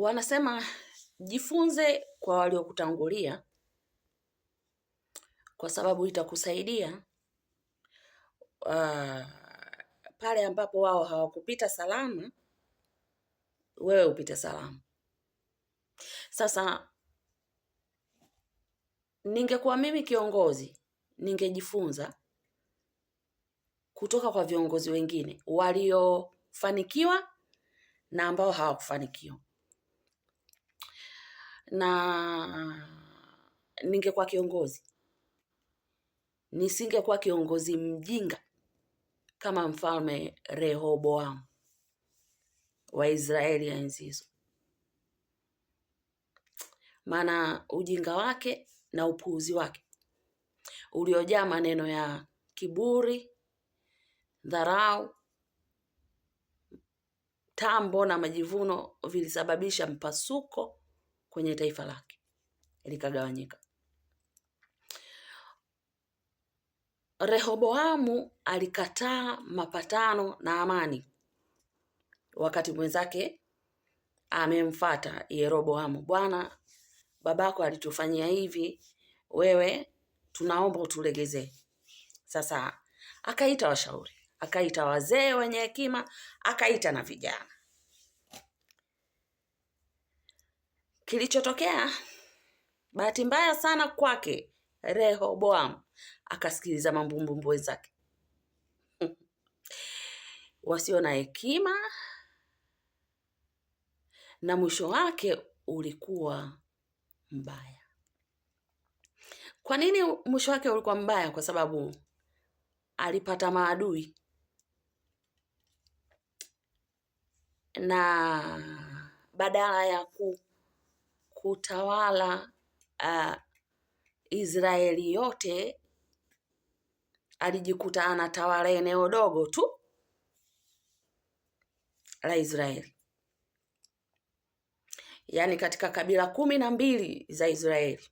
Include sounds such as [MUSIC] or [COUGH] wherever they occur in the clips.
wanasema jifunze kwa waliokutangulia, kwa sababu itakusaidia uh, pale ambapo wao hawakupita salama, wewe upite salama. Sasa ningekuwa mimi kiongozi, ningejifunza kutoka kwa viongozi wengine waliofanikiwa na ambao hawakufanikiwa na ningekuwa kiongozi, nisingekuwa kiongozi mjinga kama mfalme rehoboam wa Israeli ya enzi hizo, maana ujinga wake na upuuzi wake uliojaa maneno ya kiburi, dharau, tambo na majivuno vilisababisha mpasuko kwenye taifa lake likagawanyika. Rehoboamu alikataa mapatano na amani, wakati mwenzake amemfata Yeroboamu, bwana, babako alitufanyia hivi, wewe tunaomba utulegezee. Sasa akaita washauri, akaita wazee wenye hekima, akaita na vijana Kilichotokea, bahati mbaya sana kwake, Rehoboam akasikiliza mambumbumbu wenzake [LAUGHS] wasio na hekima, na mwisho wake ulikuwa mbaya. Kwa nini mwisho wake ulikuwa mbaya? Kwa sababu alipata maadui na badala ya ku kutawala uh, Israeli yote, alijikuta anatawala eneo dogo tu la Israeli, yaani katika kabila kumi na mbili za Israeli.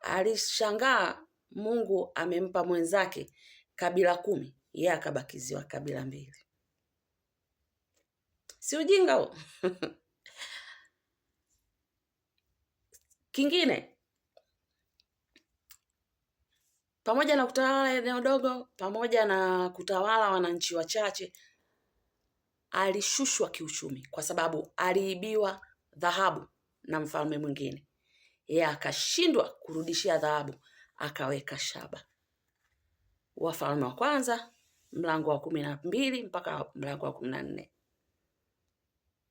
Alishangaa Mungu amempa mwenzake kabila kumi, yeye akabakiziwa kabila mbili. Si ujinga huo? [LAUGHS] Kingine, pamoja na kutawala eneo dogo, pamoja na kutawala wananchi wachache, alishushwa kiuchumi kwa sababu aliibiwa dhahabu na mfalme mwingine, yeye akashindwa kurudishia dhahabu, akaweka shaba. Wafalme wa Kwanza mlango wa kumi na mbili mpaka mlango wa kumi na nne.